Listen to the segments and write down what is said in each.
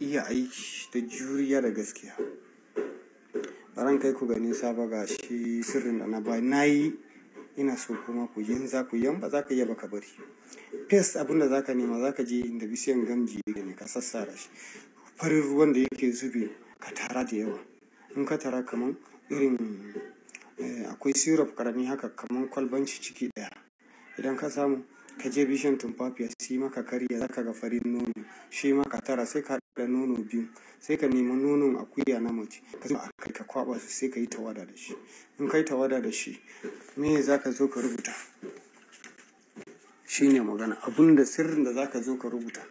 iya aiki da juriya da gaskiya ran kai ku ganin saba ga shi sirrin da na ba na yi ina so kuma ku yin za ku yan ba za ka iya baka bari paste abin da za ka nema za ka je inda bisiyan gamji da ne ka sassara shi farin ruwan da yake zube ka tara da yawa in ka tara kaman irin eh, akwai syrup karami haka kaman kwalbanci ciki daya idan ka samu ka je bishan tumfafiya shi maka karya za ka ga farin nono shi maka tara sai ka haɗa nono biyu sai ka nemi nonon akuya na mace ka zo a kai ka kwaɓa su sai ka yi tawada da shi in kai tawada da shi me za ka zo ka rubuta shi ne magana abin da sirrin da za ka zo ka rubuta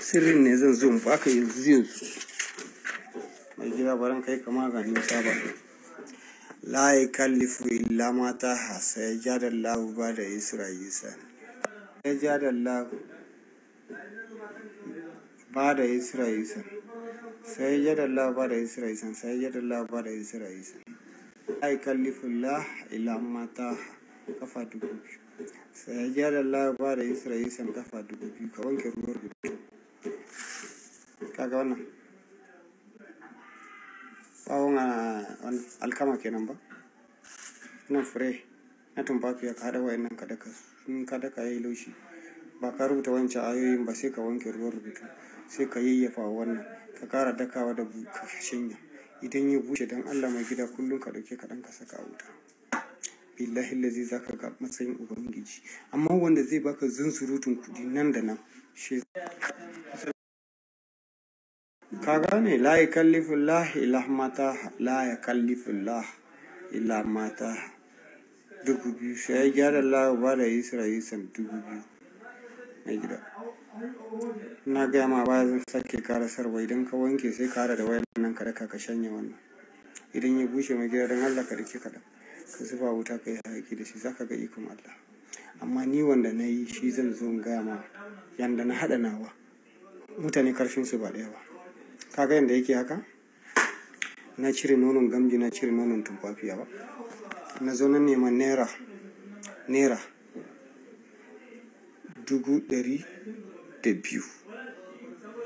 sirrin ne zan zo in baka yanzu yanzu mai gida baran kai kama ga nisa ba la yukallifu illa ma taha sai jadallahu ba da yusra yusan sai jadallahu ba da yusra yusan sai jadallahu ba da yusra yusan sai jadallahu ba da yusra yusan la yukallifu la illa ma ta kafa dubu biyu sai jadallahu ba da yusra yusan kafa dubu biyu ka wanke ruwan rubutu kaga wannan ɓawon alkama kenan ba na fure na tumfafiya ka haɗa wa'annan ka daka in ka daka yayi laushi ba ka rubuta wancan ayoyin ba sai ka wanke ruwan rubutu sai ka yayyafa wannan ka ƙara dakawa da ka shanya idan ya bushe don allah mai gida kullum ka ka kaɗan ka saka a wuta billahi lazi za ga matsayin ubangiji amma wanda zai baka zunzurutun kudi nan da nan shi ka gane la ya kallifin illa mata la ya kallifin dubu biyu sai ya gyara la ba da isra isan dubu biyu na gida na gaya ma ba zan sake sarwa, idan ka wanke sai ka hada da wayan nan ka ka shanye wannan idan ya bushe mai gida don allah ka rike kaɗan ka zuba wuta ka yi haƙi da shi za ka ga ikon allah amma ni wanda na yi shi zan zo in gaya ma yanda na haɗa nawa mutane karfin su ba ɗaya ba kaga yadda yake haka na cire nonon gamji na cire nonon tumfafiya ba na zo na nema naira naira dubu ɗari da biyu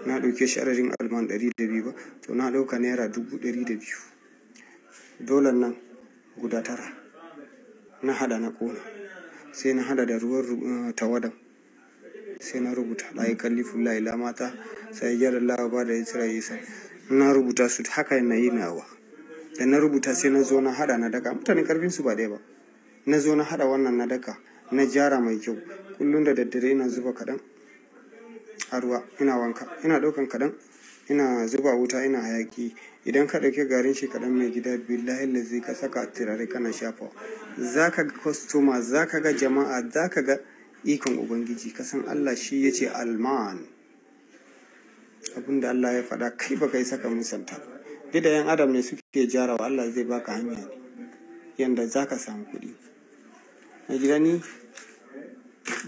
na ɗauke shi adadin alman ɗari da biyu ba to na ɗauka naira dubu ɗari da biyu dolar nan guda tara na hada na ƙona sai na hada da ruwan eh, tawadan sai na rubuta la yukallifu illa mata sai gyara Allah ba da yasra yasa na rubuta su haka na yi nawa da na rubuta sai na zo na hada na daka mutane karfin su ba dai ba na zo na hada wannan na daka na jara mai kyau kullum da daddare ina zuba kadan a ruwa ina wanka ina daukan kadan ina zuba wuta ina hayaki idan ka ɗauki garin shi kaɗan mai gida billahi zai ka saka turare kana shafa za ka ga kwastoma za ka ga jama'a za ka ga ikon ubangiji kasan allah shi ya ce alman abinda allah ya faɗa kai ba kai saka musanta duk da yan adam ne suke jarawa allah zai baka hanya ne yanda za ka samu kuɗi na gida ni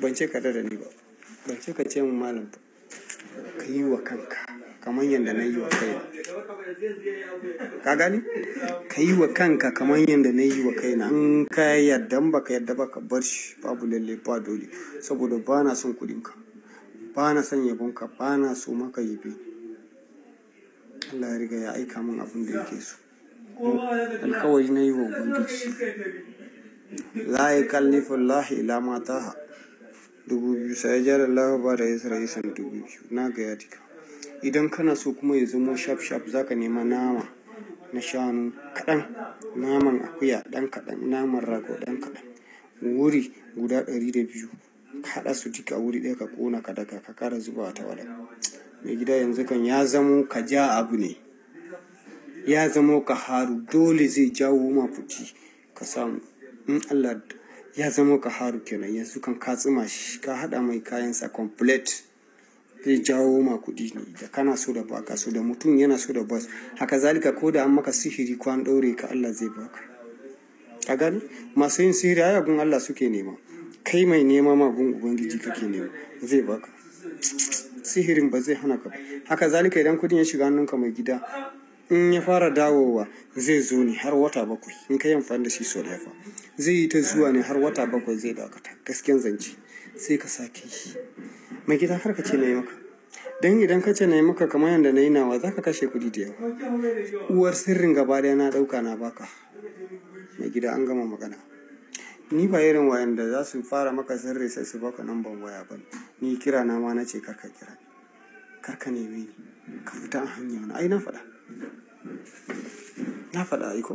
ban ce ka da ni ba ban ce ka ce mu malam ba ka yi wa kanka kamar yadda na yi wa kaina ka gani ka yi wa kanka kamar yadda na yi wa kaina in ka yadda ba ka yadda ba ka bar shi babu lalle ba dole saboda ba na son kudinka ba na son yabonka ba na so maka yabe Allah ya riga ya aika min abin da yake so alkawari na yi wa ubangiji la yukallifu Allah ila mataha dubu biyu sai jarar lahu ba da yasra yasan dubu biyu na ga ya tika idan kana so kuma ya zamo shaf shaf za ka nema nama na shanu kaɗan naman akuya ɗan kaɗan naman rago ɗan kaɗan wuri guda ɗari da biyu ka haɗa su duka wuri ɗaya ka kona ka daga ka ƙara zuba ta wada mai gida yanzu kan ya zamo ka ja abu ne ya zamo ka haru dole zai jawo ma futi ka samu in allah ya zamo ka haru kenan yanzu kan ka tsima shi ka haɗa mai kayansa complete zai jawo ma kuɗi ne da kana so da baka so da mutum yana so da bas haka zalika ko da an maka sihiri ko an ɗaure ka Allah zai baka a gani masu yin sihiri ayagun gun Allah suke nema kai mai nema ma gun ubangiji kake nema zai baka sihirin ba zai hana ka ba haka zalika idan kuɗin ya shiga hannunka mai gida in ya fara dawowa zai zo ne har wata bakwai in ka yi amfani da shi sau da yafa zai yi ta zuwa ne har wata bakwai zai dakata gaskiyan zance sai ka sake shi mai gida kar ka ce na yi maka don idan ka ce na yi maka kamar yadda na yi nawa za ka kashe kudi da yawa uwar sirrin gaba ɗaya na ɗauka na baka mai gida an gama magana ni ba irin wayan da za su fara maka sirri sai su baka namban waya ba ni kira na ma na ce karka kira karka neme ni ka fita a hanya wani ai na faɗa na faɗa aiko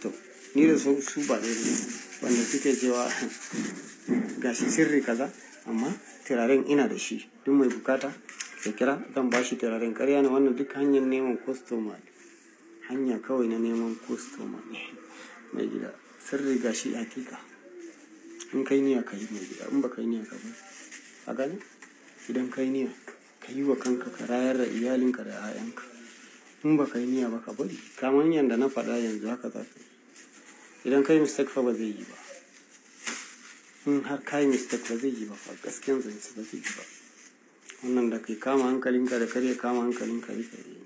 to ni da su ba ɗaya wanda suke cewa gashi sirri kaza amma turaren ina da shi duk mai bukata ya kira zan ba shi turaren karya ne wannan duk hanyar neman kwastoma hanya kawai na neman kwastoma ne mai gida sun riga shi hakika in kai niya ka yi mai gida in ba kai niya ka ba a gani idan kai niya ka yi wa kanka ka rayar da iyalinka da ayanka in ba kai niya ba ka bari kamar yadda na faɗa yanzu haka za ka yi idan kai mistake fa ba zai yi ba in har ka yi mistake ba zai yi ba gaskiyan zai ba zai yi ba wannan da kai kama hankalinka da kare kama hankalinka da yi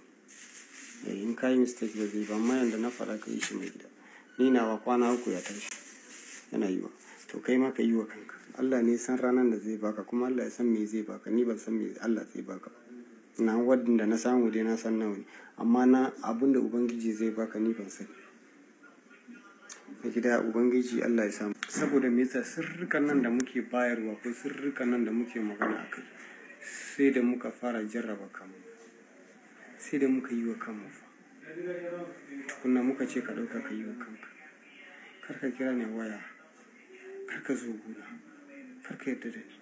eh, in ka yi mistake ba zai ba amma yanda na fara ka yi shi mai gida ni na wa kwana uku ya tashi yana yi wa to kai ma ka yi wa kanka Allah ne san ranar da zai baka kuma Allah ya san me zai baka ni ban san me Allah zai baka na wadin da na samu dai na san nawa ne amma na abin da ubangiji zai baka ni ban sani gida ubangiji Allah ya samu saboda me yasa sirrikan nan da muke bayarwa ko sirrikan nan da muke magana a kai sai da muka fara jarraba kanmu sai da muka yi wa kanmu fa tukuna muka ce ka ɗauka ka yi wa kanka kar ka kira ne waya kar ka zo gona kar ka yadda da ni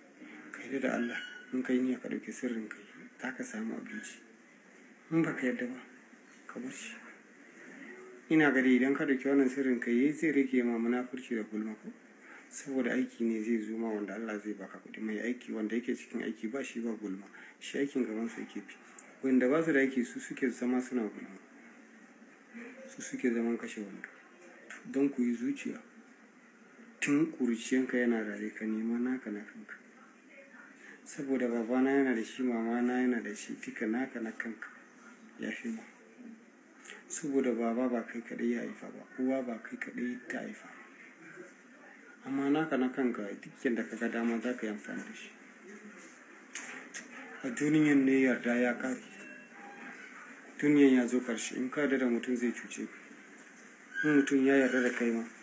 ka yadda da Allah in kai niyya ka ɗauki sirrin kai ta ka samu abinci in ba ka yadda ba ka bar shi ina gari idan ka dauki wannan sirrin ka yi zai rage ma munafurci da gulma ko saboda aiki ne zai zo ma wanda Allah zai baka kuɗi mai aiki wanda yake cikin aiki ba shi ba gulma shi aikin gaban su yake fi wanda ba su da aiki su suke zama suna gulma su suke zaman kashe wanda don ku yi zuciya tun ka yana rare ka nema naka na kanka saboda babana yana da shi mamana yana da shi tika naka na kanka ya fi ma saboda baba ba kai kadai ya haifa ba uwa ba kai kadai ta haifa amma naka na kanka duk yadda ka ga dama za ka yi amfani da shi a duniyan ne yarda ya kare duniyan ya zo karshe in ka da mutum zai cuce ka in mutum ya yarda da kai ma